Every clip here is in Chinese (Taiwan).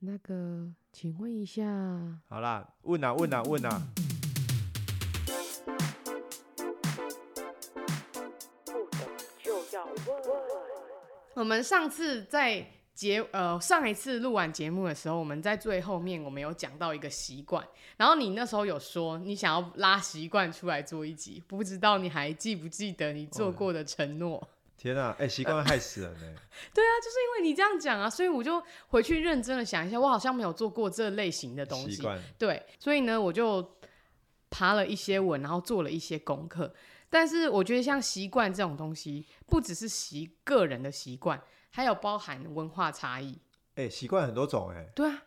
那個，請問一下。好啦，問啊問啊問啊！不懂就要問。我們上次在節呃上一次錄完節目的時候，我們在最後面，我們有講到一個習慣。然後你那時候有說，你想要拉習慣出來做一集，不知道你還記不記得你做過的承諾？嗯天吶、啊！哎、欸，習慣害死人呢、呃、對啊，就是因為你這樣講啊，所以我就回去認真的想一下，我好像沒有做過這類型的東西。習慣，對，所以呢，我就爬了一些文，然後做了一些功課。但是我覺得像習慣這種東西，不只是習個人的習慣，還有包含文化差異。哎、欸，習慣很多種，哎，對啊，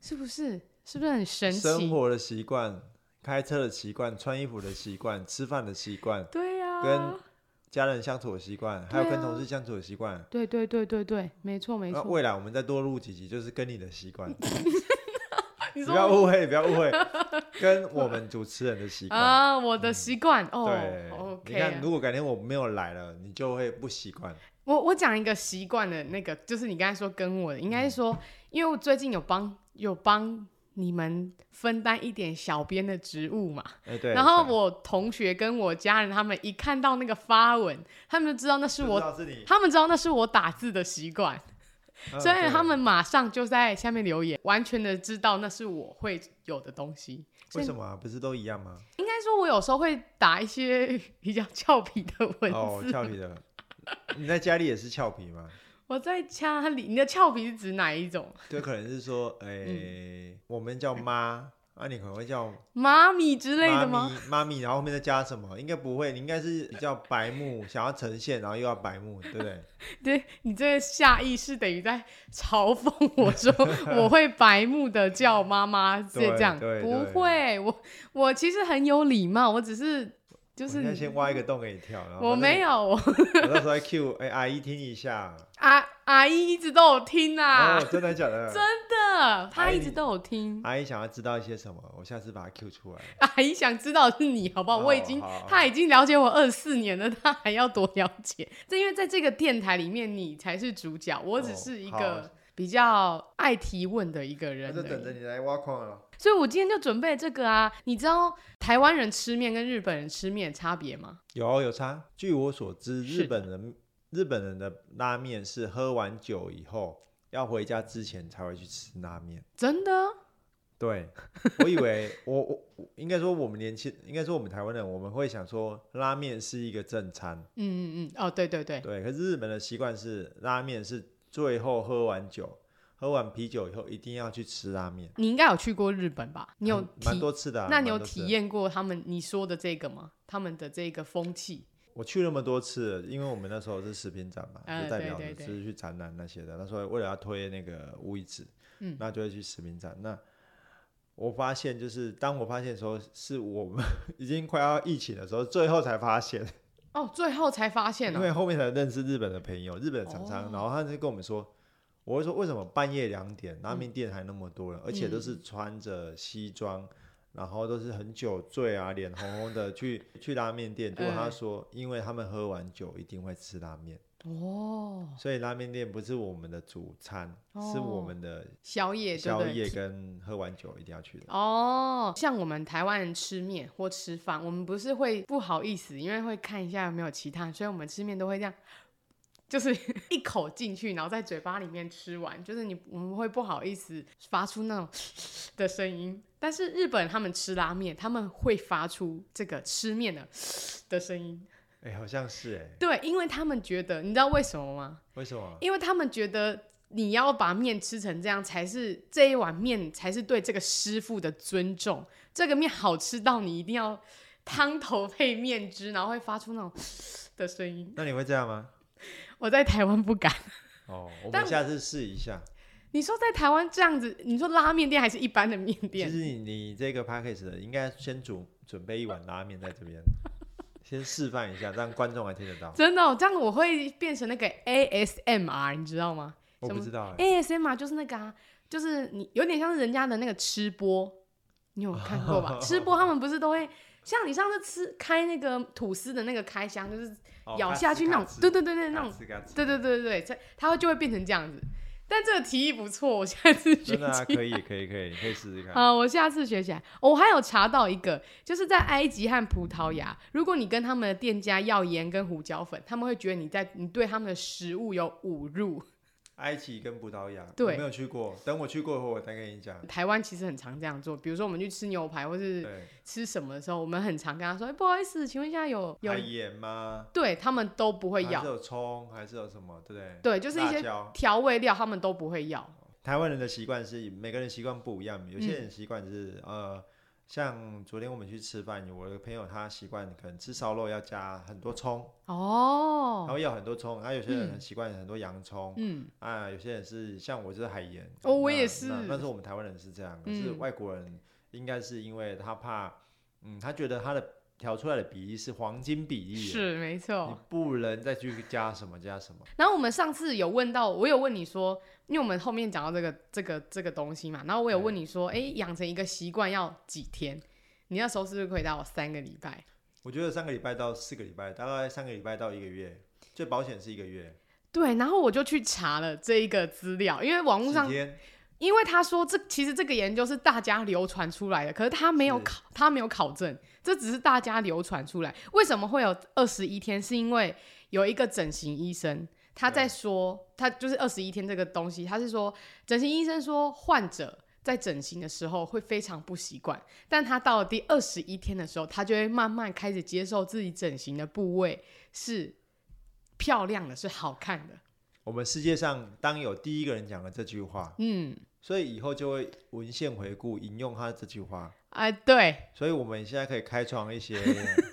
是不是？是不是很神奇？生活的習慣，開車的習慣，穿衣服的習慣，吃飯的習慣，對啊，跟，家人相處的習慣，還有跟同事相處的習慣。對對對對對，沒錯沒錯、啊。未來我們再多錄幾集，就是跟你的習慣。 你說不要誤會，不要誤會， 跟我們主持人的習慣、嗯、啊，我的習慣哦。對、OK 啊、你看，如果改天我沒有來了，你就會不習慣。我我講一個習慣的那個，就是你剛才說跟我的，應該說，因為我最近有幫有幫。你們分擔一點小編的職務嘛、欸對？然後我同學跟我家人，他們一看到那個發文，他們就知道那是我，他們知道那是我打字的習慣、嗯，所以他們馬上就在下面留言，完全的知道那是我會有的東西。為什麼、啊、不是都一樣嗎？應該說我有時候會打一些比較俏皮的問題哦，俏皮的， 你在家裡也是俏皮嗎？我在家裡，你的俏皮是指哪一種？就，可能是說，哎、欸嗯，我們叫媽，那、嗯啊、你可能會叫媽咪之類的嗎？媽咪，咪然後後面再加什麼？應該不會，你應該是比較白目， 想要呈現，然後又要白目，對不對，對？對，你這下意識等於在嘲諷我說，說 我會白目的叫媽媽 是這樣，對對對不會，我我其實很有禮貌，我只是。就是先挖一個洞給你跳，然後我沒有。 我到時候來 Q 哎、欸、阿姨聽一下。阿、啊、阿姨一直都有聽啊，哦、真的假的？真的，她一直都有聽阿。阿姨想要知道一些什麼？我下次把它 Q 出來。阿姨想知道的是你好不好？哦、我已經，他已經了解我二四年了，他還要多了解。正因為在這個電台裡面，你才是主角，我只是一個比較愛提問的一個人。那、哦、就等着你來挖礦了。所以，我今天就準備這個啊！你知道台灣人吃麵跟日本人吃麵差別嗎？有，有差。據我所知，日本人日本人的拉麵是喝完酒以後要回家之前才會去吃拉麵。真的？對，我以為我 我，我，應該說我們年輕，應該說我們台灣人，我們會想說拉麵是一個正餐。嗯嗯嗯，哦，對對對。對，可是日本的習慣是拉麵是最後喝完酒。喝完啤酒以後，一定要去吃拉麵。你應該有去過日本吧？你有蠻、嗯、多次的、啊。那你有體驗過他們你說的這個嗎？他們的這個風氣？我去那麼多次，因為我們那時候是食品展嘛，呃、就代表着是去展覽那些的。他說為了要推那個烏魚子，那就會去食品展。那我發現，就是當我發現說是我們 已經快要疫情的時候，最後才發現。哦，最後才發現了、啊，因為後面才認識日本的朋友，日本廠商、哦，然後他就跟我們說。我會說，為什麼半夜兩點拉麵店還那麼多人？嗯、而且都是穿着西裝、嗯，然後都是很酒醉啊，臉紅紅的去 去拉麵店？結果他說，因為他們喝完酒一定會吃拉麵。哦、嗯，所以拉麵店不是我們的主餐，哦、是我們的宵夜，夜，宵夜跟喝完酒一定要去的。哦，像我們台灣人吃麵或吃飯，我們不是會不好意思，因為會看一下有沒有其他，所以我們吃麵都會這樣。就是一口進去，然後在嘴巴裡面吃完，就是你我們會不好意思發出那種嘶嘶的聲音。但是日本他們吃拉麵，他們會發出這個吃麵的的聲音。哎，好像是哎。對，因為他們覺得，你知道為什麼嗎？為什麼？因為他們覺得你要把麵吃成這樣，才是這一碗麵才是對這個師傅的尊重。這個麵好吃到你一定要湯頭配麵汁，然後會發出那種的聲音。那你會這樣嗎？我在台灣不敢哦，我們下次試一下。你說在台灣這樣子，你說拉麵店還是一般的麵店？其實你你這個 podcast 應該先煮準備一碗拉麵在這邊， 先示範一下，讓觀眾來聽得到。真的、哦，這樣我會變成那個 ASMR，你知道嗎？我不知道、欸、，ASMR 就是那個啊，就是你有點像是人家的那個吃播，你有看過吧？ 吃播他們不是都會像你上次吃開那個吐司的那個開箱，就是。咬下去那種，對對對對那種，對對對對對，它它就會變成這樣子。但這個提議不錯，我下次學起來。真的啊，可以可以可以，可以試試看。好，我下次學起來、哦。我還有查到一個，就是在埃及和葡萄牙，如果你跟他們的店家要鹽跟胡椒粉，他們會覺得你在你對他們的食物有侮辱。埃及跟葡萄牙，對，我沒有去過。等我去過後，我再跟你講。台灣其實很常這樣做，比如說我們去吃牛排或是吃什麼的時候，我們很常跟他說：“欸、不好意思，請問一下有有鹽嗎？”對，他們都不會要，還是有蔥，還是有什麼，對、對，對，就是一些調味料，他們都不會要。台灣人的習慣是每個人習慣不一樣，有些人習慣是、嗯、呃。像昨天我們去吃飯，我一個朋友他習慣可能吃燒肉要加很多蔥哦，他、oh, 會要很多蔥，然後有些人很習慣很多洋蔥，嗯啊，有些人是像我就是海鹽哦、oh,，我也是，那是我們台灣人是這樣，可是外國人應該是因為他怕，嗯，嗯他覺得他的。調出來的比例是黃金比例，是沒錯。你不能再去加什麼加什麼。然後我們上次有問到，我有問你說，因為我們後面講到這個這個這個東西嘛，然後我有問你說，哎，養成一個習慣要幾天？你那時候是不是回答我三個禮拜？我覺得三個禮拜到四個禮拜，大概三個禮拜到一個月，最保險是一個月。對，然後我就去查了這一個資料，因為網絡上。因為他說這其實這個研究是大家流傳出來的，可是他沒有考他沒有考證，這只是大家流傳出來。為什麼會有二十一天？是因為有一個整形醫生他在說，嗯、他就是二十一天這個東西，他是說整形醫生說患者在整形的時候會非常不習慣，但他到了第二十一天的時候，他就會慢慢開始接受自己整形的部位是漂亮的，是好看的。我們世界上當有第一個人講了這句話，嗯，所以以後就會文獻回顧引用他這句話，哎，對，所以我們現在可以開創一些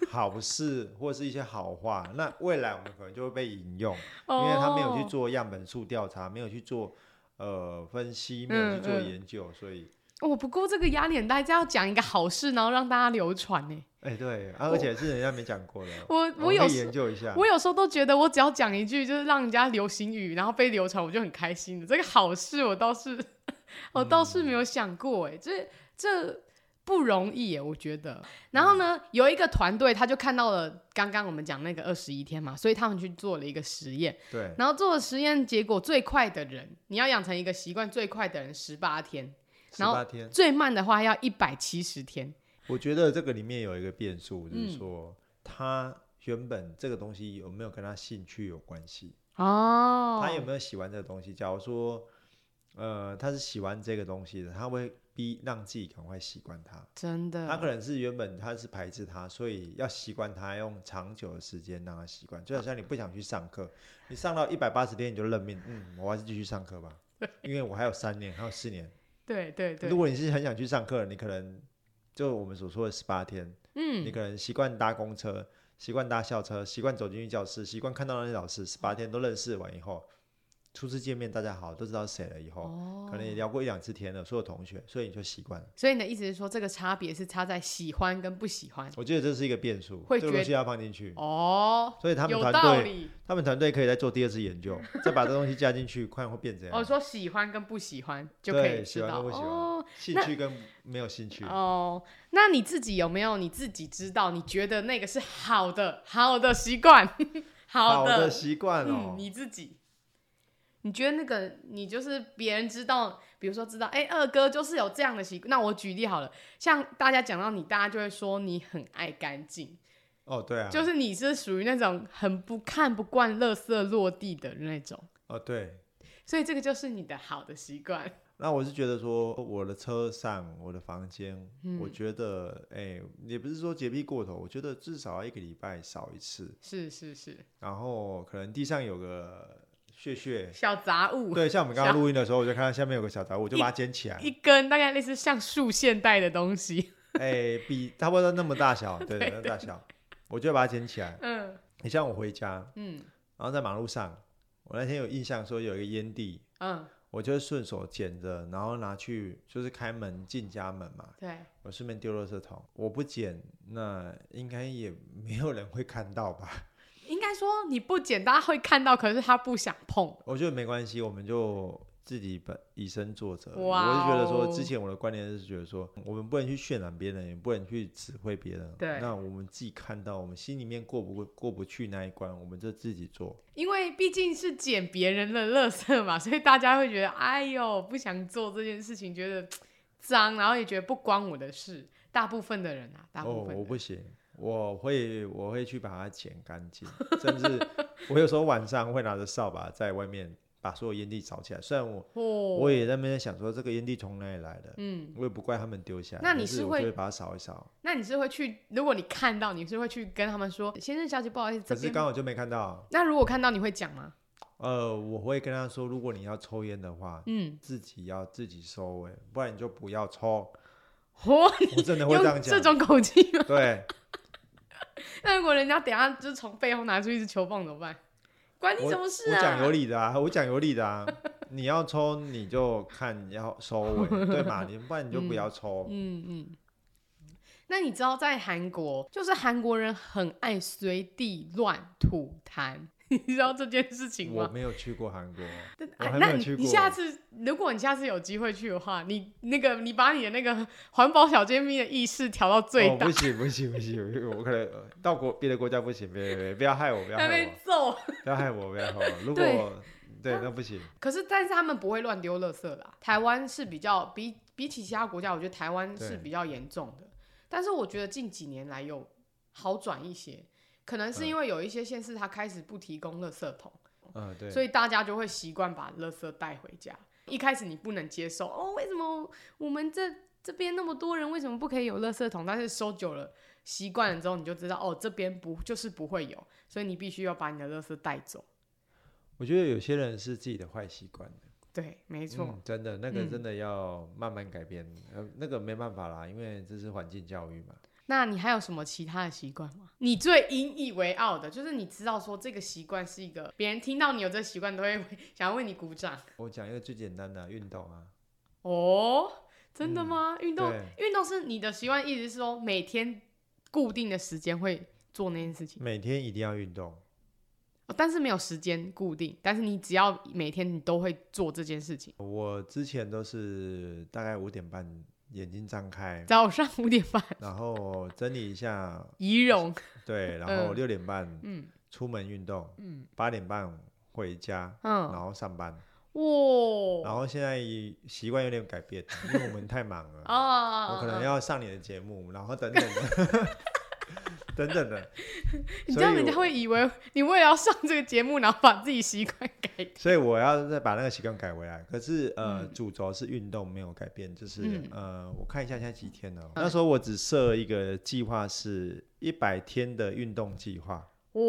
好事 或是一些好話，那未來我們可能就會被引用，哦，因為他沒有去做樣本數調查，沒有去做呃分析，沒有去做研究，嗯嗯，所以。我、哦、不過這個壓臉帶大家要講一個好事，然後讓大家流傳呢。哎、欸，對、啊，而且是人家沒講過的。我我，我有我研究一下，我有時候都覺得，我只要講一句，就是讓人家流行語，然後被流傳，我就很開心的。這個好事，我倒是， 我倒是沒有想過，哎、嗯，這這不容易耶，我覺得。然後呢，嗯、有一個團隊，他就看到了剛剛我們講那個二十一天嘛，所以他們去做了一個實驗。對，然後做了實驗，結果最快的人，你要養成一個習慣最快的人，十八天。十八天，然後最慢的話要一百七十天。我覺得這個裡面有一個變數，就是說、嗯、他原本這個東西有沒有跟他興趣有關係哦？他有沒有喜歡這個東西？假如說，呃，他是喜歡這個東西的，他會逼讓自己趕快習慣他，真的，他可能是原本他是排斥他，所以要習慣他，用長久的時間讓他習慣。就好像你不想去上課，嗯、你上到一百八十天你就認命，嗯，我還是繼續上課吧，因為我還有三年， 還有四年。對對對，如果你是很想去上課，你可能就我們所說的十八天，嗯，你可能習慣搭公車，習慣搭校車，習慣走進去教室，習慣看到那些老師，十八天都認識完以後。初次見面，大家好，都知道誰了。以後、哦、可能也聊過一兩次天了，所有同學，所以你就習慣了。所以你的意思是說，這個差別是差在喜歡跟不喜歡？我覺得這是一個變數，這個東西要放進去哦。所以他們團隊，他們團隊可以再做第二次研究， 再把這東西加進去，看 會變怎樣。我、哦、說喜歡跟不喜歡就可以知道，喜歡跟不喜歡哦。興趣跟沒有興趣哦。那你自己有沒有你自己知道？你覺得那個是好的，好的，習慣 好的，好的習慣、哦，好的習慣哦，你自己。你覺得那個你就是別人知道，比如說知道，哎、欸，二哥就是有這樣的習慣。那我舉例好了，像大家講到你，大家就會說你很愛乾淨。哦，對啊。就是你是屬於那種很不看不慣垃圾落地的那種。哦，對。所以這個就是你的好的習慣。那我是覺得說，我的車上、我的房間、嗯，我覺得，哎、欸，也不是說潔癖過頭，我覺得至少要一個禮拜掃一次。是是是。然後可能地上有個。屑屑小雜物，對，像我們剛剛錄音的時候，我就看到下面有個小雜物，我就把它撿起來。一,一根大概類似像束線帶的東西，哎、 欸，比差不多那麼大小，對、對、對，那麼大小，我就把它撿起來。嗯，你像我回家，嗯，然後在馬路上，我那天有印象說有一個菸蒂，嗯，我就順手撿着，然後拿去就是開門進家門嘛。對，我順便丟了垃圾桶，我不撿，那應該也沒有人會看到吧？說你不撿，大家會看到，可是他不想碰。我覺得沒關係，我們就自己本以身作則、wow。我是覺得說，之前我的觀念是覺得說，我們不能去渲染別人，也不能去指揮別人。對，那我們自己看到，我們心裡面過不過、過不去那一關，我們就自己做。因為畢竟是撿別人的垃圾嘛，所以大家會覺得，哎呦，不想做這件事情，覺得髒，然後也覺得不關我的事。大部分的人啊，大部分、oh, 我不行。我會我會去把它撿乾淨， 甚至我有時候晚上會拿着掃把在外面把所有煙蒂掃起來。雖然我、oh. 我也在那邊想說，這個煙蒂從哪裡來的？嗯，我也不怪他們丟下來。那你是會，是會把它掃一掃？那你是會去？如果你看到，你是會去跟他們說：“先生小姐，不好意思。”可是剛好就沒看到。那如果看到，你會講嗎？呃，我會跟他說：“如果你要抽煙的話，嗯，自己要自己收尾，不然你就不要抽。Oh, ”我真的會這樣講這種口氣嗎？對。那 如果人家等下就從背後拿出一支球棒怎麼辦？關你什麼事啊！我講有理的啊，我講有理的啊。 你要抽你就看要收尾 對吧？你不然你就不要抽。 嗯嗯，嗯。那你知道在韓國，就是韓國人很愛隨地亂吐痰。你知道這件事情嗎？我沒有去過韓國但，我還沒有去過。啊、那你下次如果你下次有機會去的話，你那個你把你的那個環保小尖兵的意識調到最大。哦、不行不行不行，我可能到國、別的國家不行，別別不要害我，不要害我，不要害我，不要害我，不要害我。如果對，對那不行。可是但是他們不會亂丟垃圾的。台灣是比較比比起其他國家，我覺得台灣是比較嚴重的。但是我覺得近幾年來有好轉一些。可能是因為有一些縣市，他開始不提供垃圾桶，嗯，對，所以大家就會習慣把垃圾帶回家。一開始你不能接受，哦，為什麼我們這這邊那麼多人，為什麼不可以有垃圾桶？但是收久了，習慣了之後，你就知道，哦，這邊不就是不會有，所以你必須要把你的垃圾帶走。我覺得有些人是自己的壞習慣的，對，沒錯、嗯，真的，那個真的要慢慢改變，嗯、呃，那個沒辦法啦，因為這是環境教育嘛。那你還有什麼其他的習慣嗎？你最引以為傲的，就是你知道說這個習慣是一個別人聽到你有這習慣都會想要為你鼓掌。我講一個最簡單的運動啊。哦、oh，真的嗎？運、嗯、動，運動是你的習慣，意思是說每天固定的時間會做那件事情。每天一定要運動，但是沒有時間固定，但是你只要每天你都會做這件事情。我之前都是大概五點半。眼睛張開，早上五點半，然後整理一下儀 容，對，然後六點半，出門運動，八，嗯嗯、點半回家，嗯，然後上班，哦、然後現在習慣有點改變， 因為我們太忙了， 啊、我可能要上你的節目， 然後等等的 等等的， 你知道人家會以為你為了要上這個節目，然後把自己習慣改。所以我要再把那個習慣改回來。可是呃，嗯、主軸是運動沒有改變，就是、嗯、呃，我看一下現在幾天了。嗯、那時候我只設一個計劃是一百天的運動計劃。哇、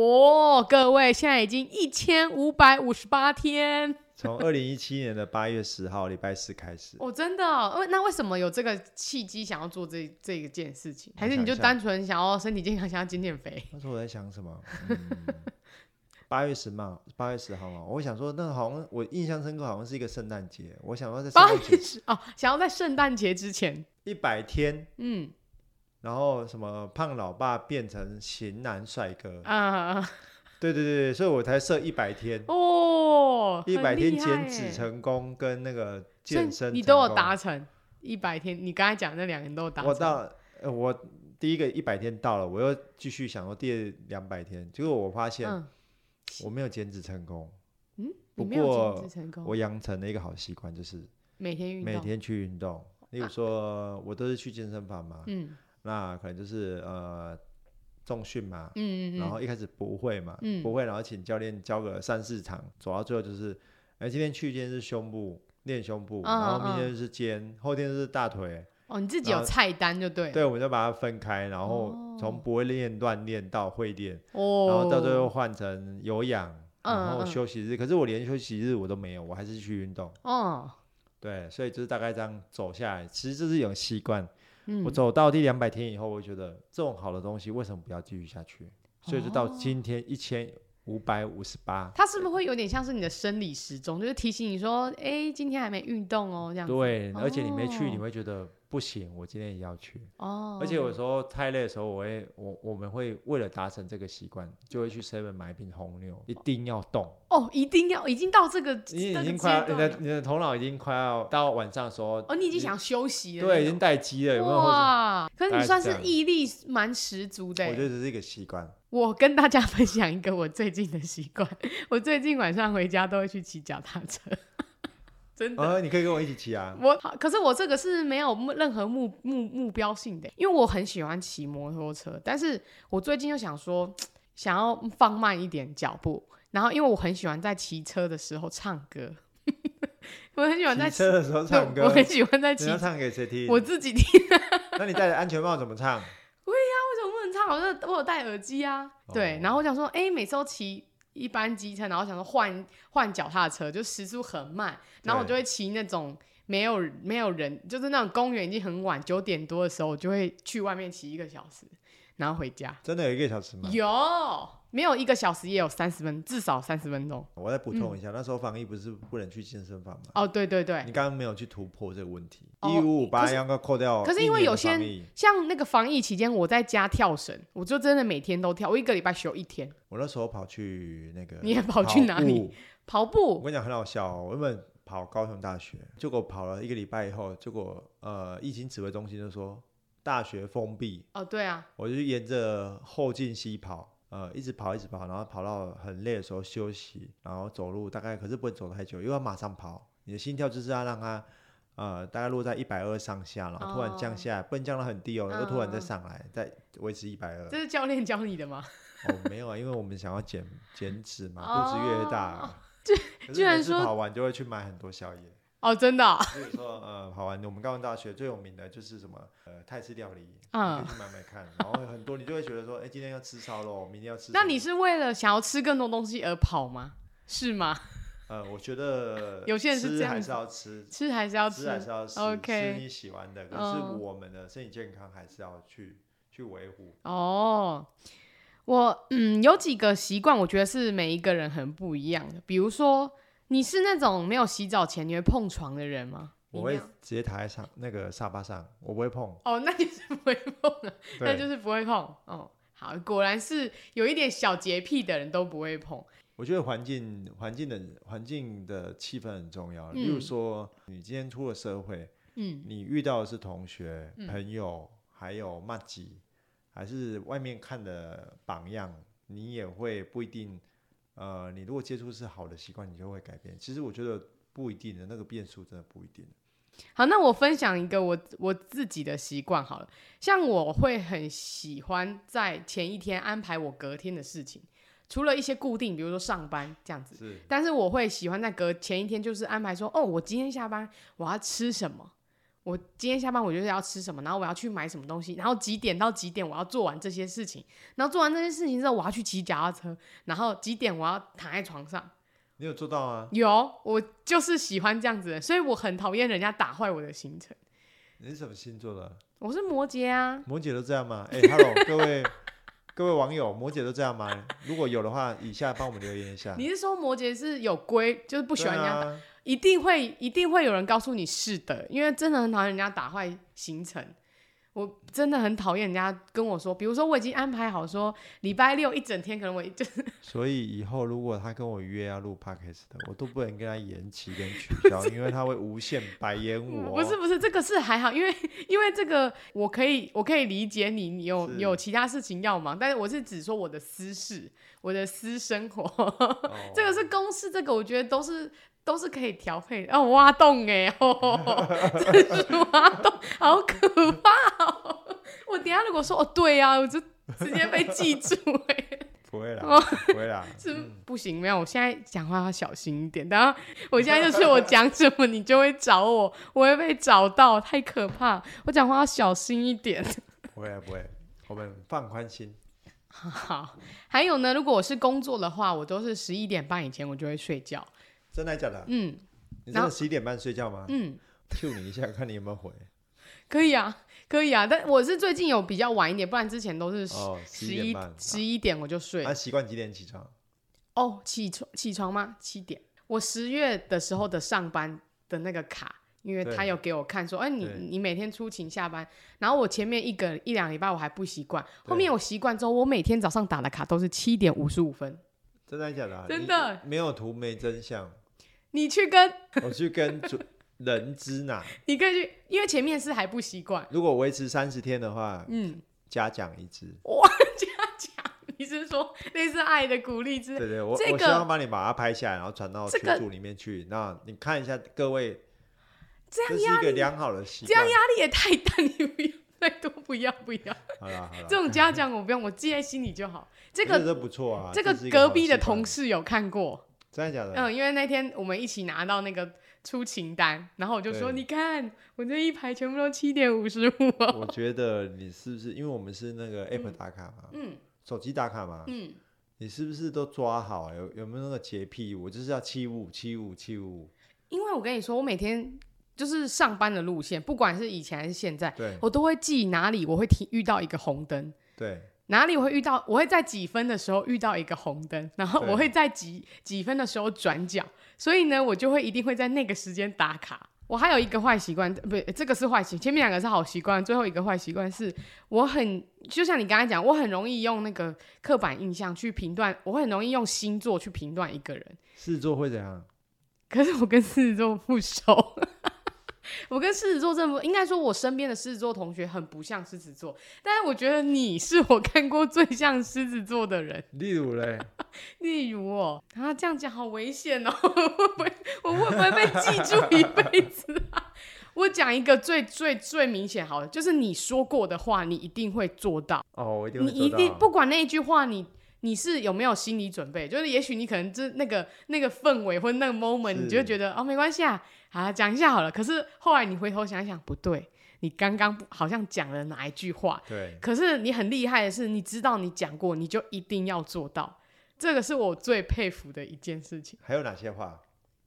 哦，各位現在已經一千五百五十八天。從二零一七年的八月十號，禮 拜四開始。我、哦、真的哦，哦、呃、那為什麼有這個契機想要做這這一件事情？還是你就單純想要身體健康，想，想要減減肥？他說我在想什麼？八、嗯、 月十嘛，八月十號嘛，我想說，那好像我印象深刻，好像是一個聖誕節。我想要在八月十哦，想要在聖誕節之前一百天，嗯，然後什麼胖老爸變成型男帥哥啊。嗯對對對，所以我才設一百天哦，一百天減脂成功跟那個健身你都有達成，一百天你剛才講的那兩年都有達成。我到我第一個一百天到了，我又繼續想說第二兩百天，結果我發現我沒有減脂成功。嗯，不過我養成了一個好習慣，就是每天運動，每天去運動。例如說，我都是去健身房嘛。啊、嗯，那可能就是呃。重訓嘛，嗯嗯，嗯然後一開始不會嘛，嗯，不會，然後請教練教個三四場，嗯、走到最後就是，哎，今天去今天是胸部，練胸部，哦、然後明天是肩，哦、後天是大腿。哦，你自己有菜單就對。對，我們就把它分開，然後從不會練斷練，練到會練，哦，然後到最後換成有氧，哦，然後休息日，可是我連休息日我都沒有，我還是去運動。哦，對，所以就是大概這樣走下來，其實這是一種習慣。嗯、我走到第兩百天以後，我會覺得這種好的東西為什麼不要繼續下去？哦、所以就到今天一千五百五十八，1558，它是不是會有點像是你的生理時鐘，就是提醒你說，哎、欸，今天還沒運動哦，這樣子。對，而且你沒去，哦、你會覺得。不行，我今天也要去哦。而且我說太累的時候我，我會我我們會為了達成這個習慣，就會去 Seven 買一瓶紅牛，一定要動哦，一定要，哦，一定要已經到這個你已經快要，那個，你的你的頭腦已經快要到晚上的時候，哦，你已經想休息了，對，已經待機了。有沒有？哇，可是你算是毅力蠻十足的。我覺得這是一個習慣。我跟大家分享一個我最近的習慣， 我最近晚上回家都會去騎腳踏車。真的、哦，你可以跟我一起騎啊！我可是我這個是沒有任何目目目標性的，因為我很喜歡騎摩托車，但是我最近又想說想要放慢一點腳步，然後因為我很喜歡在騎車， 車的時候唱歌，我很喜歡在騎車的時候唱歌，我很喜歡在騎唱給誰聽？我自己聽、啊。那你戴着安全帽怎麼唱？不會呀，為什麼不能唱？我那我有戴耳機啊、哦。對，然後我想說，哎、欸，每周騎。一般機車，然後想說換換腳踏車，就時速很慢。然後我就會騎那種沒有沒有人，就是那種公園，已經很晚九點多的時候，我就會去外面騎一個小時，然後回家。真的有一個小時嗎？有。沒有一個小時，也有三十分，至少三十分鐘。我再補充一下、嗯，那時候防疫不是不能去健身房嗎？哦，對對對。你剛剛沒有去突破這個問題。哦、義五把那扣掉、哦可。可是因為有些像那個防疫期間，我在家跳繩，我就真的每天都跳。我一個禮拜休一天。我那時候跑去那個。你也跑去哪裡？跑步。跑步我跟你講很好笑、哦，我原本跑高雄大學，結果跑了一個禮拜以後，結果呃，疫情指揮中心就說大學封閉。哦，對啊。我就沿着後勁溪跑。呃，一直跑，一直跑，然後跑到很累的時候休息，然後走路，大概可是不會走太久，又要馬上跑。你的心跳就是要讓它，呃，大概落在一百二上下，然後突然降下來，哦、不能降到很低哦，又、嗯、突然再上來，再維持一百二。這是教練教你的嗎？ 哦，沒有啊，因為我們想要減減脂嘛，肚子越大、啊。對、哦，可是每次跑完就會去買很多宵夜。哦，真的、哦。所以說，呃，跑完、啊。我們高雄大學最有名的就是什麼？呃，泰式料理，嗯、你去買買看。然後很多你就會覺得說，哎、 欸，今天要吃燒肉，明天要吃……那你是為了想要吃更多東西而跑嗎？是嗎？呃，我覺得有些人是這樣吃，還是要吃，吃還是要吃，吃還是要吃、okay，吃你喜歡的。可是我們的身體健康還是要去、嗯、去維護。哦，我嗯，有幾個習慣，我覺得是每一個人很不一樣的，比如說。你是那種沒有洗澡前你會碰床的人嗎？我會直接躺在上那個沙發上，我不會碰。哦，那你是不會碰，啊，那就是不會碰。哦，好，果然是有一點小潔癖的人都不會碰。我覺得環境、環境的環境的氣氛很重要，嗯。例如說，你今天出了社會，嗯，你遇到的是同學、嗯、朋友，還有麻吉，還是外面看的榜樣，你也會不一定。呃，你如果接觸是好的習慣，你就會改變。其實我覺得不一定的，的那個變數真的不一定的。好，那我分享一個我我自己的習慣好了，像我會很喜歡在前一天安排我隔天的事情，除了一些固定，比如說上班這樣子，是。但是我會喜歡在隔前一天就是安排說，哦，我今天下班我要吃什麼。我今天下班，我就是要吃什麼，然後我要去買什麼東西，然後幾點到幾點我要做完這些事情，然後做完這些事情之後，我要去騎腳踏車，然後幾點我要躺在床上。你有做到啊？有，我就是喜歡這樣子的，所以我很討厭人家打壞我的行程。你是什麼星座的？我是摩羯啊。摩羯都這樣嗎？哎、欸、 ，Hello，各位各位網友，摩羯都這樣嗎？如果有的話，以下幫我們留言一下。你是說摩羯是有規，就是不喜歡人家打？一定會，一定會有人告訴你是的，因為真的很討厭人家打壞行程。我真的很討厭人家跟我說，比如說我已經安排好說禮拜六一整天，可能我就所以以後如果他跟我約要錄 Podcast 的， 我都不能跟他延期跟取消，因為他會無限白演我。不是不是，這個是還好，因為因為這個我可以我可以理解你，你有你有其他事情要忙，但是我是指說我的私事，我的私生活， oh. 這個是公事，這個我覺得都是。都是可以調配的哦，挖洞哎，哦、真是挖洞，好可怕、哦！我等一下如果說哦，對呀、啊，我就直接被記住哎，不會啦， 不會啦，真 不、嗯、不行，沒有，我現在講話要小心一點。等下我現在就是我講什麼，你就會找我，我會被找到，太可怕！我講話要小心一點， 不會不會，我們放寬心。好，還有呢，如果我是工作的話，我都是十一點半以前我就會睡覺。真的假的啊？嗯，你真的十一點半睡覺嗎？嗯，Q 你一下，看你有沒有回。 可以啊，可以啊，但我是最近有比較晚一點，不然之前都是十十一點十一、啊、點我就睡。那習慣幾點起床？哦、oh，起床起床嗎？七點。我十月的時候的上班的那個卡，因為他有給我看說，哎、欸，你你每天出勤下班，然後我前面一個一兩禮拜我還不習慣，後面我習慣之後，我每天早上打的卡都是七點五十五分。真的假的啊？真的。沒有圖沒真相。.你去跟我去跟主 人資吶，你可以去，因為前面是還不習慣。如果維持三十天的話，嗯，嘉獎一支哇，嘉獎？你是說類似愛的鼓勵之類的？對對，對、這個，我我希望幫你把它拍下來，然後傳到群組裡面去、這個。那你看一下各位，這樣壓力，這是一個良好的習慣。這樣壓力也太大，你不要再多，不要不要。好了好了，這種嘉獎我不用， 我記在心裡就好。這個這不錯啊，這個隔壁的同事有看過。真的假的？嗯，因為那天我們一起拿到那個出勤單，然後我就說：“你看，我這一排全部都七點五十五。”我覺得你是不是因為我們是那個 app 打卡嘛？嗯，手機打卡嘛？嗯，你是不是都抓好？有，有沒有那個潔癖？我就是要七五七五七五。因為我跟你說，我每天就是上班的路線，不管是以前還是現在，對，我都會記哪裡我會提遇到一個紅燈。對。哪裡我會遇到？我會在幾分的時候遇到一個紅燈，然後我會在幾幾分的時候轉角，所以呢，我就會一定會在那個時間打卡。我還有一個壞習慣，不，這個是壞習，前面兩個是好習慣，最後一個壞習慣是，我很就像你剛才講，我很容易用那個刻板印象去評斷，我會很容易用星座去評斷一個人。獅子座會怎樣？可是我跟獅子座不熟。 我跟獅子座這麼，應該說，我身邊的獅子座同學很不像獅子座，但是我覺得你是我看過最像獅子座的人。例如嘞？ 例如、啊、哦，他這樣講好危險哦，會不會，我會不會被記住一輩子啊？ 我講一個最最最明顯，好的，就是你說過的話，你一定會做到哦，我一定會做到，你一定不管那一句話，你你是有沒有心理準備？就是也許你可能就那個那個氛圍或那個 moment，你就覺得哦，沒關係啊。啊，講一下好了。可是後來你回頭想一想，不對，你剛剛好像講了哪一句話？對。可是你很厲害的是，你知道你講過，你就一定要做到。這個是我最佩服的一件事情。還有哪些話？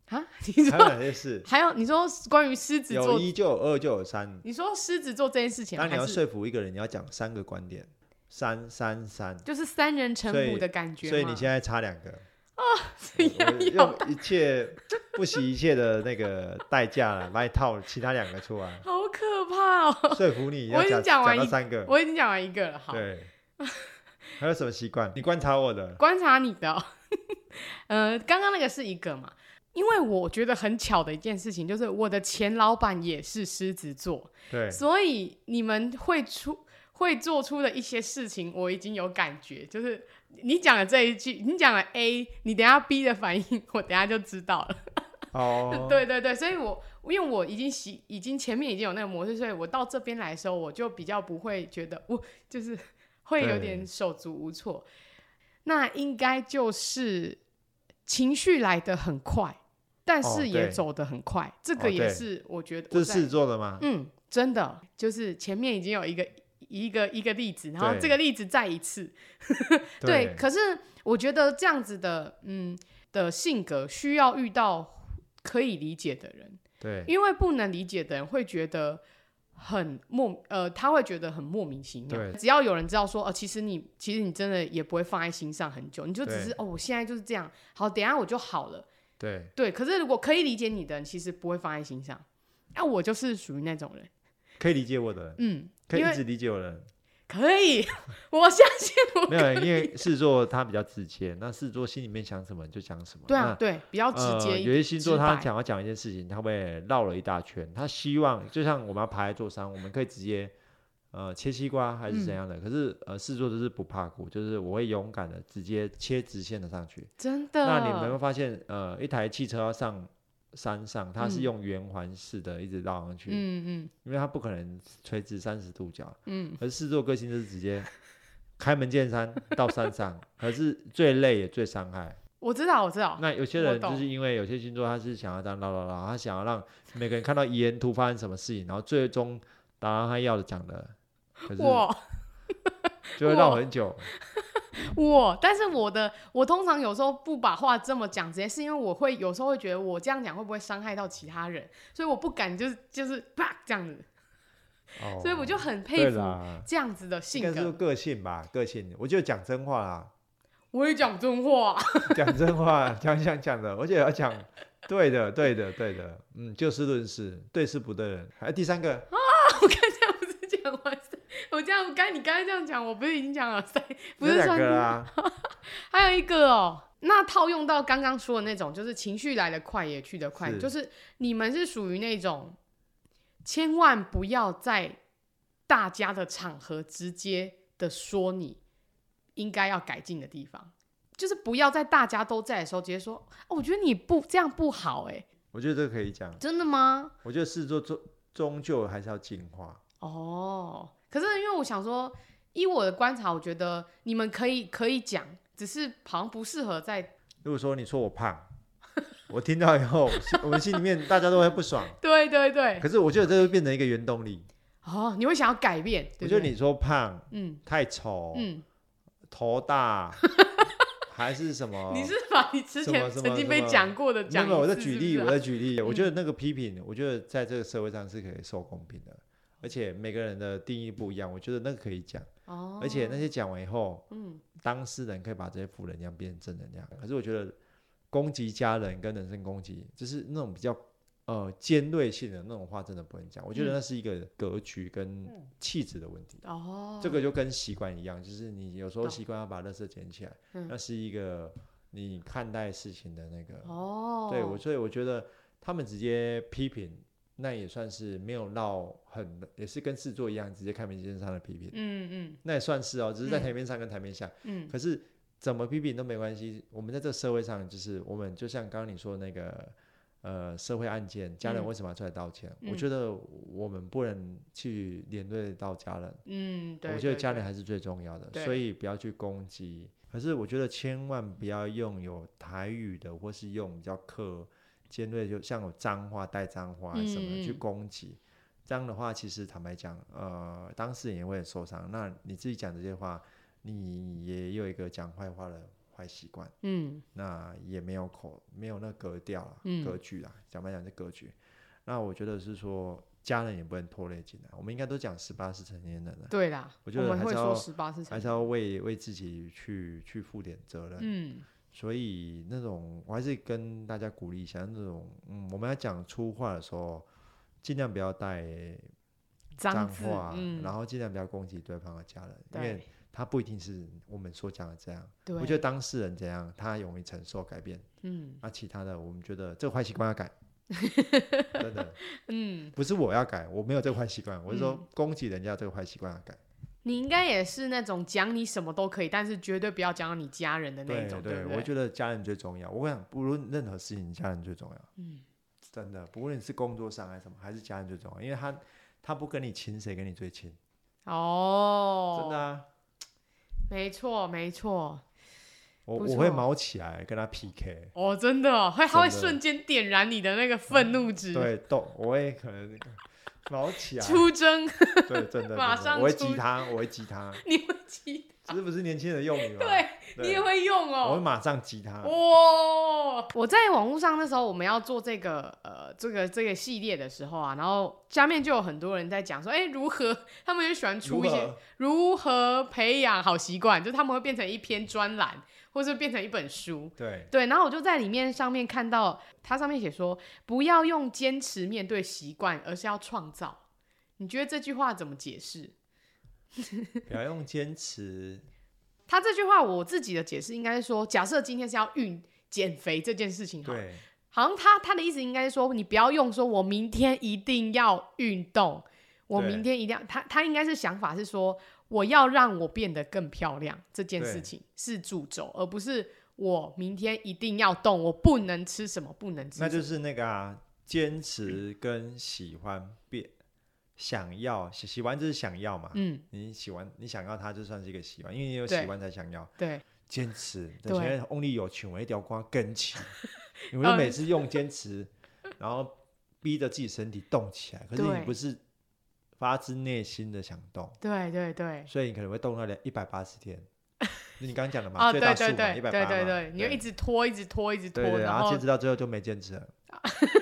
啊？你說還有哪些事？還有你說關於獅子座，一就有二，就有三。你說獅子座這件事情，那你要說服一個人，你要講三個觀點，三三三，就是三人成虎的感覺。所以，所以你現在差兩個。啊、哦！用一切不惜一切的那個代價來 套其他兩個出來，好可怕哦！說服你，我已經講完一，講到三個，我已經講完一個了。好，對，還有什麼習慣？ 你觀察我的，觀察你的、哦。 呃，剛剛那個是一個嘛？因為我覺得很巧的一件事情，就是我的前老板也是獅子座，對，所以你們會出會做出的一些事情，我已經有感覺，就是。你講了這一句，你講了 A，你等下 B 的反應，我等下就知道了。 oh. 對對對，所以我，我因為我已經習，已經前面已經有那個模式，所以我到這邊來的時候，我就比較不會覺得我，我就是會有點手足無措。那應該就是情緒來得很快，但是也走得很快，oh, 這個也是我覺得。Oh, 在這是做的嗎？嗯，真的，就是前面已經有一個。一個一個例子，然後這個例子再一次。對 對，對。可是我覺得這樣子的，嗯，的性格需要遇到可以理解的人，對。因為不能理解的人會覺得很莫名，呃，他會覺得很莫名其妙。只要有人知道說，哦、呃，其實你，其實你真的也不會放在心上很久，你就只是，哦，我現在就是這樣，好，等一下我就好了。對，對。可是如果可以理解你的人，其實不會放在心上。那、啊、我就是屬於那種人。可以理解我的人，嗯，可以一直理解我的，可以，我相信我可以。 沒有，因為獅子座他比較直接，那獅子座心裡面想什麼就講什麼。對、啊、對，比較直接、呃。有些星座他想要講一件事情，他會繞了一大圈。他希望就像我們要爬一座山，我們可以直接呃切西瓜還是怎樣的。嗯、可是呃，獅子座就是不怕苦，就是我會勇敢的直接切直線的上去。真的？那你們會發現呃，一台汽車要上。山上，他是用圓環式的一直繞上去，嗯嗯嗯、因為他不可能垂直三十度角，嗯、而四座個性就是直接開門見山到山上， 可是最累也最傷害。我知道，我知道。那有些人就是因為有些星座他是想要當繞繞繞，他想要讓每個人看到沿途發生什麼事情，然後最終達到他要的講的，可是就會繞很久。 我，但是我的，我通常有時候不把話這麼講，直接是因為我會有時候會覺得我這樣講會不會傷害到其他人，所以我不敢、就是，就是就是這樣子，哦。所以我就很佩服這樣子的性格，是個性吧，個性。我就講真話啊，我也講真話，講 真話，講講講的，而且要講對的，對的，對的，嗯，就事論事，對事不對人。還、啊、第三個啊，我看一下。我,我這樣，剛你剛才這樣講，我不是已經講了不是兩個啊， 還有一個哦。那套用到剛剛說的那種，就是情緒來得快也去得快，是就是你們是屬於那種，千萬不要在大家的場合直接的說你應該要改進的地方，就是不要在大家都在的時候直接說，哦、我覺得你不這樣不好哎、欸。我覺得這個可以講，真的嗎？我覺得獅子座終終究還是要進化。哦，可是因為我想說，依我的觀察，我覺得你們可以可以講，只是好像不適合在。如果說你說我胖， 我聽到以後，我們心裡面大家都會不爽。 對對對。可是我覺得這會變成一個原動力。哦，你會想要改變。我覺得你說胖，嗯，太醜，嗯，頭大， 還是什麼？你是把你之前曾經，什麼什麼什麼曾經被講過的麼？講。沒有，我在舉例是不是啊，我在舉例。我覺得那個批評、嗯，我覺得在這個社會上是可以受公平的。而且每個人的定義不一樣，嗯、我覺得那個可以講、哦。而且那些講完以後、嗯，當事人可以把這些負能量變成正能量。可是我覺得攻擊家人跟人身攻擊，就是那種比較呃尖銳性的那種話，真的不能講、嗯。我覺得那是一個格局跟氣質的問題、嗯。這個就跟習慣一樣，就是你有時候習慣要把垃圾撿起來、嗯，那是一個你看待事情的那個。哦、對，我所以我覺得他們直接批評。那也算是沒有鬧很，也是跟製作一樣，直接看媒體上的批評。嗯嗯，那也算是哦，只是在檯面上跟檯面下、嗯。可是怎麼批評都沒關係。我們在這個社會上，就是我們就像剛剛你說的那個，呃，社會案件，家人為什麼要出來道歉？嗯、我覺得我們不能去連累到家人。嗯，對，對，對。我覺得家人還是最重要的，所以不要去攻擊。可是我覺得千萬不要用有台語的，嗯、或是用比較客。尖銳，就像有髒話帶髒話什麼去攻擊，這樣的話，其實坦白講，呃，當事人也會很受傷。那你自己講這些話，你也有一個講壞話的壞習慣，嗯，那也沒有口，沒有那格調了，格局啦，講白講這格局。那我覺得是說，家人也不能拖累進來。我們應該都講十八是成年人了，對啦，我覺得還是要還是要為為自己去去負點責任。嗯，嗯。所以那種，我還是跟大家鼓勵一下，那種，嗯，我們要講粗話的時候，儘量不要帶髒話，然後儘量不要攻擊對方的家人，因為他不一定是我們所講的這樣。對。我覺得當事人怎樣，他容易承受改變。嗯。那、啊、其他的，我們覺得這個壞習慣要改。嗯、 真的。嗯。不是我要改，我沒有這個壞習慣，我是說攻擊人家這個壞習慣要改。你應該也是那種講你什麼都可以，但是絕對不要講到你家人的那種，對、哦、對，對，對，我覺得家人最重要。我講，不論任何事情，家人最重要。嗯，真的，不論是工作上還是什麼，還是家人最重要，因為他他不跟你親，誰跟你最親？哦，真的、啊，沒錯沒錯。我我會毛起來跟他 PK 哦。哦，真的，會他會瞬間點燃你的那個憤怒值。嗯、對，都我也可能、那個。老起啊！出征， 對，真的，馬上我會吉他，我會吉他。 你會吉？這是不是年輕人用語嗎？ 對，對你也會用哦。我會馬上吉他。哇、哦！我在網絡上那時候，我們要做這個，呃，這個這個系列的時候啊，然後下面就有很多人在講說，哎、欸，如何？他們就喜歡出一些如何，如何培養好習慣，就他們會變成一篇專欄。或者是變成一本書，對對，然後我就在裡面上面看到它上面寫說，不要用堅持面對習慣，而是要創造。你覺得這句話怎麼解釋？不要用堅持。 他這句話我自己的解釋應該是說，假設今天是要運減肥這件事情，哈，好像他他的意思應該是說，你不要用說我明天一定要運動，我明天一定要，他他應該是想法是說。我要讓我變得更漂亮，這件事情是主軸，而不是我明天一定要動，我不能吃什麼，不能吃什麼。那就是那個啊，堅持跟喜歡變，想要喜喜歡就是想要嘛。嗯，你喜歡，你想要它，就算是一個喜歡，因為你有喜歡才想要。對，堅持。對。現在功力有窮，我一條光跟起。因為 每次用堅持， 然後逼着自己身體動起來，可是你不是。發自內心的想動，對對對，所以你可能會動到了一百八十天。 你剛剛講的嘛，哦、對對對最大數嘛，一百八嘛對對對對對你就一直拖對，一直拖，一直拖，對對對然後堅持到最後就沒堅持了。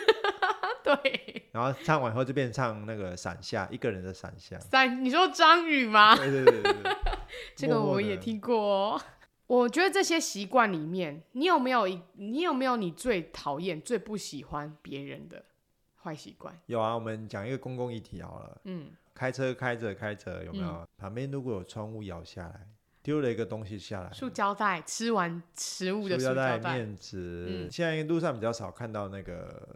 對。然後唱完後就變成唱那個《傘下》 下， 一個人的《傘下》。哎，你說張宇嗎？對對對對。 這個我也聽過哦。這個、我聽過哦 我覺得這些習慣裡面，你有沒有一？你有沒有你最討厭、最不喜歡別人的？壞習慣有啊，我們講一個公共議題好了。嗯，開車開着開着有沒有？嗯、旁邊如果有窗戶搖下來，丟了一個東西下來。塑膠袋，吃完食物的塑膠袋、袋面紙、嗯。現在路上比較少看到那個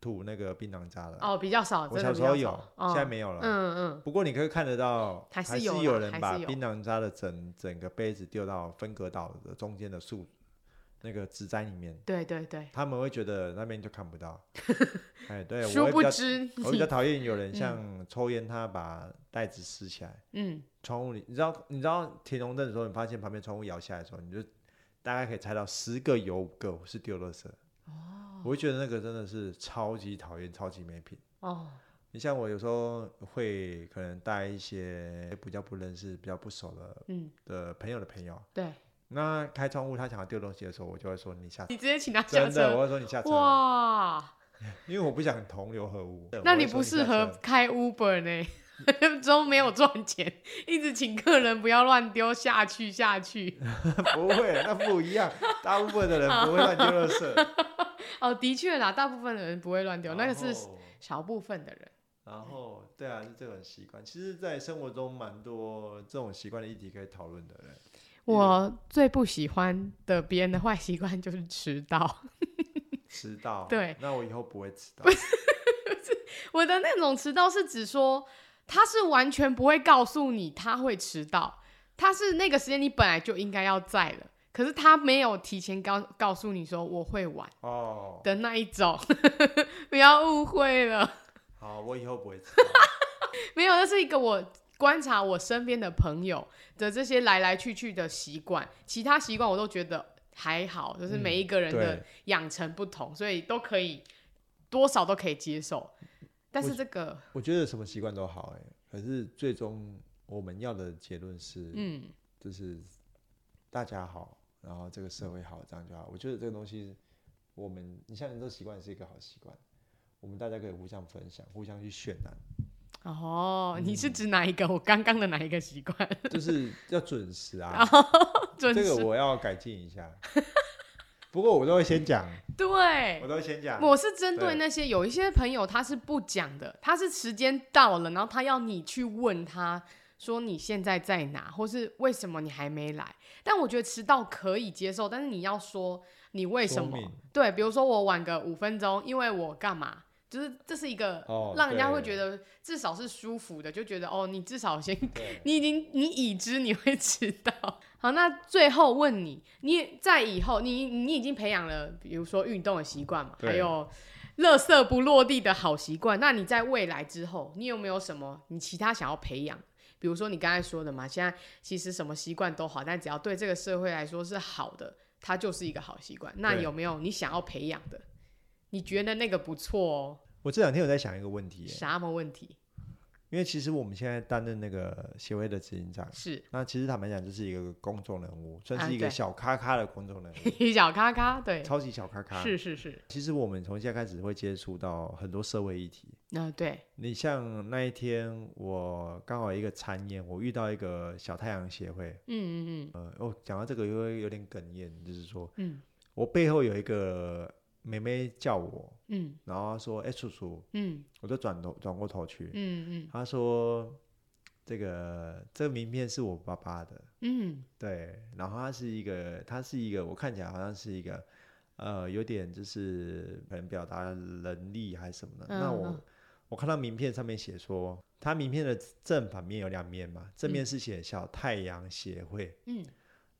吐那個檳榔渣的哦，比較少。真的比較少，我小時候有、哦，現在沒有了。嗯嗯。不過你可以看得到，還是有人把檳榔渣的整整個杯子丟到分隔島的中間的樹。那個紙在裡面，對對對，他們會覺得那邊就看不到。 哎，對，我會比較，我比較討厭有人像抽菸，他把袋子撕起來。嗯，窗戶裡，你知道，你知道等紅燈的時候，你發現旁邊窗戶搖下來的時候，你就大概可以猜到十個有五個是丟垃圾。哦，我會覺得那個真的是超級討厭，超級沒品。哦，你像我有時候會可能帶一些比較不認識、比較不熟的嗯的朋友的朋友。對。那開窗戶，他想要丟東西的時候，我就會說：“你下。”你直接請他下車。真的，我會說：“你下車。”哇！因為我不想同流合污。 你那你不適合開 Uber 呢，都 沒有賺錢，一直請客人不要亂丟下去下去。 不會，那不一樣。大部分的人不會亂丟垃圾。 哦，的確啦，大部分的人不會亂丟，那個是小部分的人。然後，對啊，是這種習慣。其實，在生活中蠻多這種習慣的議題可以討論的人。我最不喜歡的別人的壞習慣就是遲到 。遲到？對。那我以後不會遲到 不是。我的那種遲到是指說，他是完全不會告訴你他會遲到，他是那個時間你本來就應該要在了，可是他沒有提前告告訴你說我會晚哦的那一種，oh. 不要誤會了。好，oh，我以後不會遲到。 沒有，那是一個我。觀察我身邊的朋友的這些來來去去的習慣，其他習慣我都覺得還好，就是每一個人的養成不同，嗯、所以都可以多少都可以接受。但是這個，我，我覺得什麼習慣都好、欸、可是最終我們要的結論是，嗯，就是大家好，然後這個社會好，這樣就好。我覺得這個東西，我們你像你這個習慣是一個好習慣，我們大家可以互相分享，互相去渲染。哦、oh, 嗯，你是指哪一個？我剛剛的哪一個習慣？就是要準時啊，準時， 這個我要改進一下。 不過我都會先講，對，我都會先講。我是針對那些對有一些朋友他是不講的，他是時間到了，然後他要你去問他說你現在在哪，或是為什麼你還沒來？但我覺得遲到可以接受，但是你要說你為什麼？對，比如說我晚個五分鐘，因為我幹嘛？就是這是一個讓人家會覺得至少是舒服的，哦、就覺得哦，你至少先你已經你已知你會遲到。好，那最後問你，你在以後你你已經培養了，比如說運動的習慣嘛，還有垃圾不落地的好習慣。那你在未來之後，你有沒有什麼你其他想要培養？比如說你剛才說的嘛，現在其實什麼習慣都好，但只要對這個社會來說是好的，它就是一個好習慣。那有沒有你想要培養的？你覺得那個不錯哦。我這兩天有在想一個問題。啥麼問題？因為其實我們現在擔任那個協會的執行長，是那其實坦白講就是一個公眾人物，算是一個小咖咖的公眾人物。啊、 小咖咖，對，超級小咖咖。是是是。其實我們從現在開始會接觸到很多社會議題。啊、呃，對。你像那一天我剛好有一個餐宴，我遇到一個小太陽協會。嗯嗯嗯、呃。哦，講到這個又有點哽咽，就是說，嗯，我背後有一個。妹妹叫我，嗯，然後她說：“哎、欸，叔叔，嗯，我就轉頭轉過頭去，嗯嗯。”她說：“這個這個、名片是我爸爸的，嗯，對。然後她是一個，她是一個，我看起來好像是一個，呃，有點就是能表達能力還是什麼的。嗯、那我我看到名片上面寫說，她名片的正反面有兩面嘛，正面是寫小、嗯、太陽協會，嗯，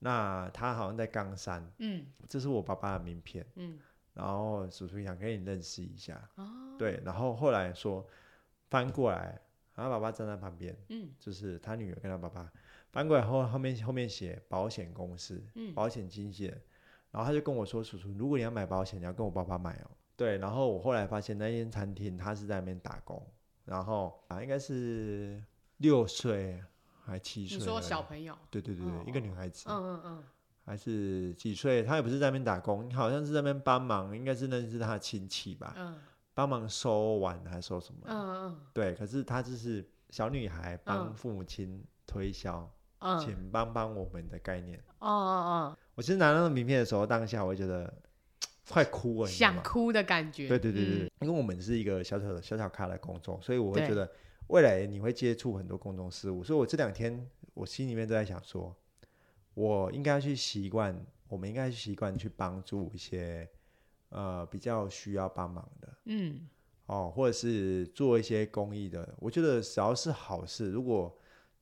那她好像在岡山，嗯，這是我爸爸的名片，嗯。”然後叔叔想跟你認識一下，哦、對，然後後來說翻過來，然後他爸爸站在旁邊，嗯，就是他女兒跟他爸爸翻過來後，後面後面寫保險公司，嗯、保險經紀人，然後他就跟我說，叔叔，如果你要買保險，你要跟我爸爸買哦，對，然後我後來發現那間餐廳他是在那邊打工，然後啊應該是六歲還七歲，你說小朋友，對對對對，嗯哦、一個女孩子，嗯嗯嗯。還是幾歲？他也不是在那邊打工，好像是在那邊幫忙，應該是認識他的親戚吧。嗯、幫忙收碗還是收什麼、嗯？對，可是他就是小女孩幫父母親推銷，嗯、請幫幫我們的概念。嗯、哦哦哦。我其實拿到那種名片的時候，當下我會覺得快哭了，想哭的感覺。對對對對，嗯、因為我們是一個小小的小小咖的工作，所以我會覺得未來你會接觸很多公眾事務，所以我這兩天我心裡面都在想說。我應該去習慣，我們應該去習慣去幫助一些呃比較需要幫忙的，嗯，哦，或者是做一些公益的。我覺得只要是好事，如果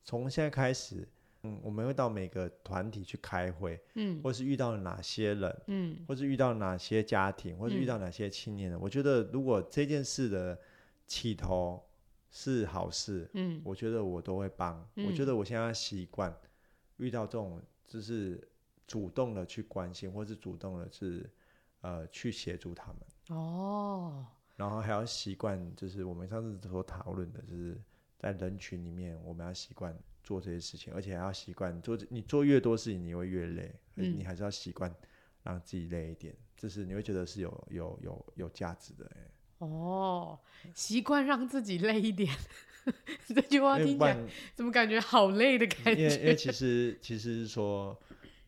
從現在開始，嗯，我們會到每個團體去開會，嗯，或是遇到哪些人，嗯，或者遇到哪些家庭，或者遇到哪些青年人，嗯，我覺得如果這件事的起頭是好事，嗯，我覺得我都會幫。嗯，我覺得我現在習慣。遇到這種就是主動的去關心，或是主動的是呃去協助他們。哦、oh。然後還要習慣，就是我們上次所討論的，就是在人群裡面，我們要習慣做這些事情，而且還要習慣做。你做越多事情，你會越累，嗯、你還是要習慣讓自己累一點。就是你會覺得是有有有有價值的哎、欸。哦，習慣讓自己累一點。 這句話聽起來怎麼感覺好累的感覺因，因為其實其實是說，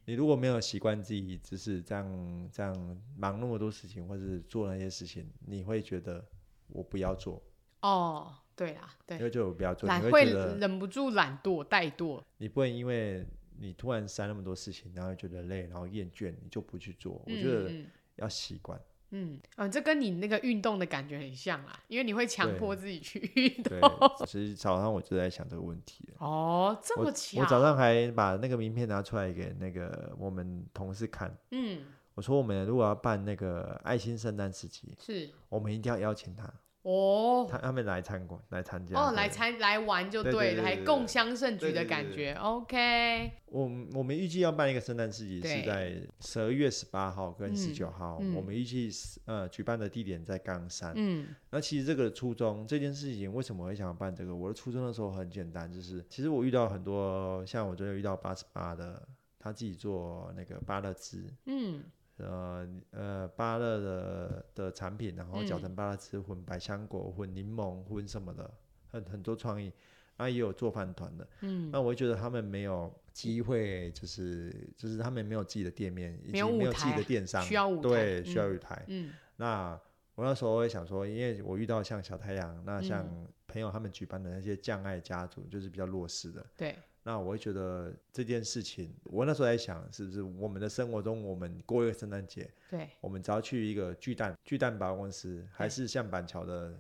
你如果沒有習慣自己只是這樣這樣忙那麼多事情，或是做那些事情，你會覺得我不要做哦，對啊，對，因為就我不要做，懶你會，會忍不住懶惰怠惰。你不會因為你突然塞那麼多事情，然後覺得累，然後厭倦，你就不去做。嗯、我覺得要習慣。嗯啊，這跟你那個運動的感覺很像啊，因為你會強迫自己去運動。對，其實早上我就在想這個問題。哦，這麼奇怪。我早上還把那個名片拿出來給那個我們同事看。嗯，我說我們如果要辦那個愛心聖誕市集，是我們一定要邀請他。哦，他他們來參觀，來參加、oh, 哦，來參來玩就對，來共襄盛舉的感覺。對對對對 OK，我我們預計要辦一個聖誕市集，是在十二月十八號跟十九號、嗯。我們預計呃舉辦的地點在岡山。嗯，那其實這個初衷，這件事情為什麼我會想要辦這個？我的初衷的時候很簡單，就是其實我遇到很多，像我最近遇到八十八的，他自己做那個巴勒茲。嗯。呃呃，芭樂的的產品，然後攪成芭樂汁，混百香果，嗯、混檸檬，混什麼的，很很多創意。那也有做飯糰的，嗯，那我也覺得他們沒有機會，就是就是他們沒有自己的店面，以及沒有自己的電商，對，需要舞台。嗯，需要舞台嗯、那我那時候我也想說，因為我遇到像小太陽，那像朋友他們舉辦的那些將愛家族，就是比較弱勢的、嗯，對。那我會覺得這件事情，我那時候在想，是不是我們的生活中，我們過一個聖誕節，對，我們只要去一個巨蛋，巨蛋百貨公司，還是像板橋的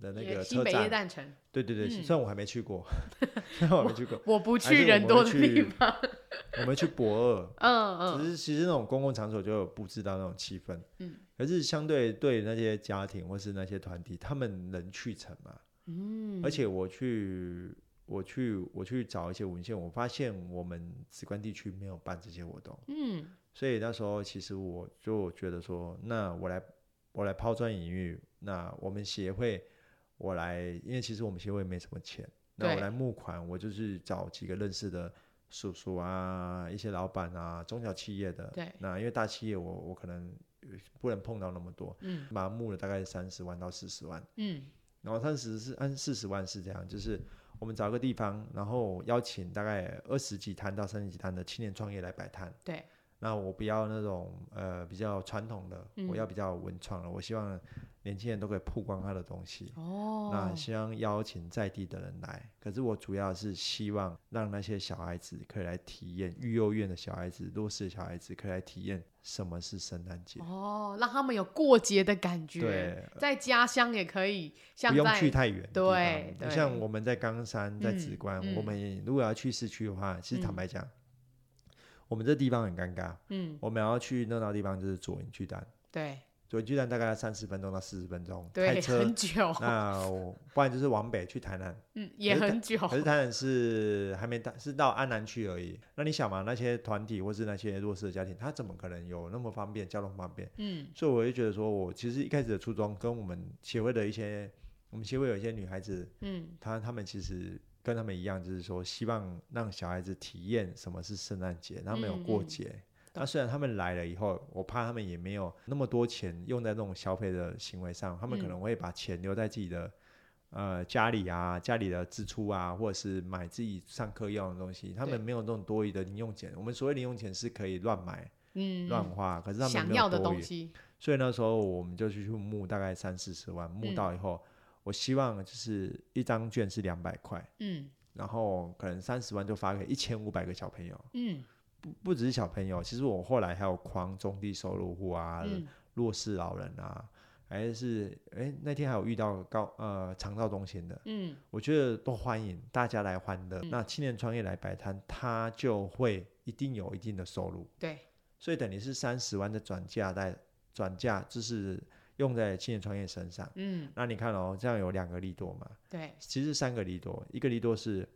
的那個車站，新北耶誕城，對對對、嗯，雖然我還沒去過， 我 雖然我沒去過我，我不去人多的地方，我們，去， 我們去博二，嗯嗯，其實那種公共場所就有布置到那種氣氛，嗯，可是相對對那些家庭或是那些團體，他們能去成嗎？嗯。而且我去。我去，我去找一些文獻，我發現我們直光地區沒有辦這些活動，嗯，所以那時候其實我就覺得說，那我來我來拋磚引玉，那我們協會我來，因為其實我們協會沒什麼錢，那我來募款。我就去找幾個認識的叔叔啊，一些老闆啊，中小企業的，對，那因為大企業我我可能不能碰到那麼多，嗯，那募了大概三十萬到四十萬，嗯，然後當時是按四十萬是這樣，就是。我們找個地方，然後邀請大概二十幾攤到三十幾攤的青年創業來擺攤。對，那我不要那種呃比較傳統的、嗯，我要比較文創的。我希望。年輕人都可以曝光他的東西哦。那希望邀請在地的人來，可是我主要是希望讓那些小孩子可以來體驗，育幼院的小孩子、弱勢的小孩子可以來體驗什麼是聖誕節哦，讓他們有過節的感覺。對，在家鄉也可以像，不用去太遠。對，像我們在岡山、在梓官、嗯、我們如果要去市區的話、嗯，其實坦白講、嗯，我們這地方很尷尬。嗯，我們要去熱鬧地方就是左營、巨蛋。對。火車站大概三十分鐘到四十分鐘，開車。很久。那我不然就是往北去台南， 嗯，也很久。可是台南是還沒到，是到安南區而已。那你想嘛，那些團體或是那些弱勢的家庭，他怎麼可能有那麼方便，交通方便？嗯，所以我就覺得說，我其實一開始的初衷，跟我們協會的一些，我們協會有一些女孩子，嗯，她她們其實跟她們一樣，就是說希望讓小孩子體驗什麼是聖誕節，他們有過節。嗯嗯那雖然他們來了以後，我怕他們也沒有那麼多錢用在這種消費的行為上，他們可能會把錢留在自己的、嗯、呃家裡啊，家裡的支出啊，或者是買自己上課用的東西。他們沒有這種多餘的零用錢。我們所謂零用錢是可以亂買，亂、嗯、花。可是他們沒有想要的東西。所以那時候我們就去募大概三四十萬，募到以後，嗯、我希望就是一張券是兩百塊，然後可能三十萬就發給一千五百個小朋友，嗯。不不，只是小朋友，其實我後來還有框中低收入戶啊、嗯、弱勢老人啊，還是哎那天還有遇到高呃長照中心的，嗯，我覺得都歡迎大家來歡樂、嗯。那青年創業來擺攤，他就會一定有一定的收入，對，所以等於是三十萬的轉嫁在轉嫁，就是用在青年創業身上，嗯，那你看哦，這樣有兩個利多嘛，對，其實三個利多，一個利多是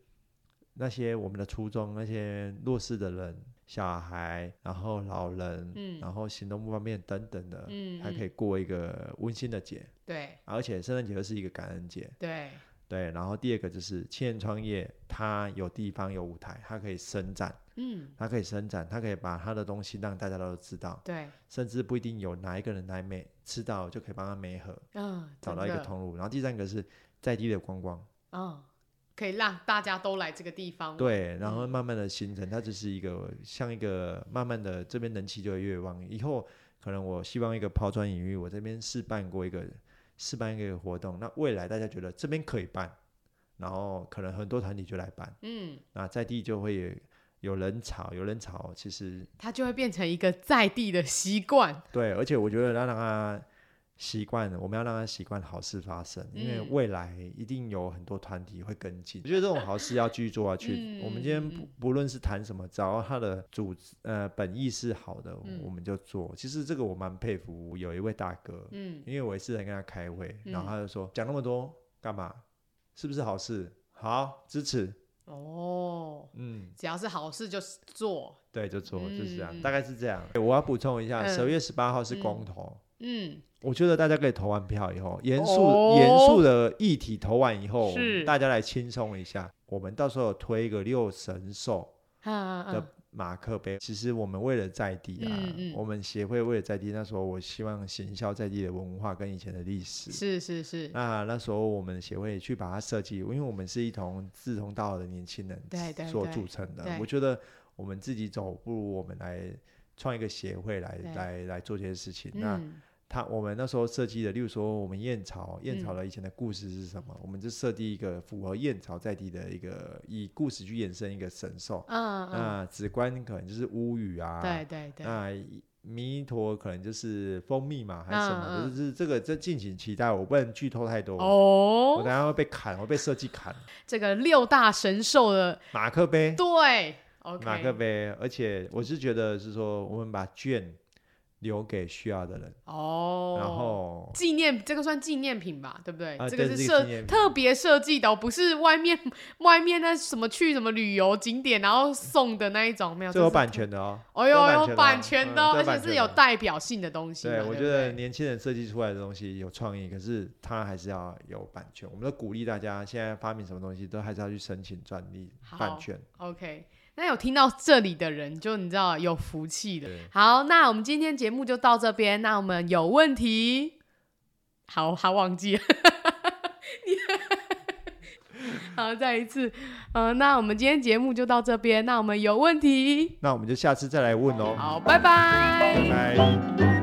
那些我們的初衷那些弱勢的人。小孩，然後老人、嗯，然後行動不方便等等的，嗯，還可以過一個溫馨的節，對。啊、而且聖誕節又是一個感恩節，對，對。然後第二個就是青年創業，它有地方有舞台，它可以伸展，他、嗯、它可以伸展，它可以把它的東西讓大家都知道，對。甚至不一定有哪一個人來美吃到，就可以幫他媒合、哦，找到一個通路。然後第三個是在地的觀光，哦可以讓大家都來這個地方，對，然後慢慢的形成，嗯、它只是一個像一個慢慢的這邊人氣就會越旺。以後可能我希望一個拋磚引玉，我這邊試辦過一個試辦一個，一個活動，那未來大家覺得這邊可以辦，然後可能很多團體就來辦，嗯，那在地就會有人潮，有人潮，其實它就會變成一個在地的習慣，對，而且我覺得讓它。習慣了，我們要讓他習慣好事發生，因為未來一定有很多團體會跟進、嗯。我覺得這種好事要繼續做下去、啊嗯。我們今天不不論是談什麼，只要他的主呃本意是好的、嗯，我們就做。其實這個我蠻佩服有一位大哥，嗯，因為我也是在跟他開會，然後他就說講、嗯、那麼多幹嘛？是不是好事？好支持哦，嗯，只要是好事就是做，對，就做、嗯、就是這樣，大概是這樣。我要補充一下，十、嗯、月十八號是公投，嗯。嗯嗯我覺得大家可以投完票以後，嚴肅、哦、嚴肅的議題投完以後，大家來輕鬆一下。我們到時候推一個六神獸的馬克杯。啊啊啊其實我們為了在地啊嗯嗯，我們協會為了在地，那時候我希望行銷在地的文化跟以前的歷史。是是是。那那時候我們協會也去把它設計，因為我們是一同志同道合的年輕人所，所組成的。我覺得我們自己走不如我們來創一個協會來來來做這些事情。嗯、那他，我們那時候設計的，例如說我們燕巢，燕巢的以前的故事是什麼？嗯、我們就設計一個符合燕巢在地的一個，以故事去衍生一個神獸。啊、嗯嗯嗯，直觀可能就是烏語啊，對對對，啊、嗯，彌陀可能就是蜂蜜嘛，還是什麼、嗯？就是這個，這敬請期待。我不能劇透太多哦，我等下會被砍，我被設計砍。 這個六大神獸的馬克杯，對、okay，馬克杯，而且我是覺得是說，我們把卷。留給需要的人哦，然後紀念這個算紀念品吧，對不對？啊、這個是設特別設計的，哦，不是外面外面那什麼去什麼旅遊景點然後送的那一種，沒有，哦、這有版權的哦。哎呦、呦，有版權的，而且是有代表性的東西、的東西。對、對、對，我覺得年輕人設計出來的東西有創意，可是它還是要有版權。我們都鼓勵大家現在發明什麼東西都還是要去申請專利版權。OK。那有聽到這裡的人，就你知道有福氣的。好，那我們今天節目就到這邊。那我們有問題？好，好忘記了。 Yeah . 好，再一次，好，那我們今天節目就到這邊。那我們有問題？ 那我們就下次再來問哦。好，拜拜。拜拜。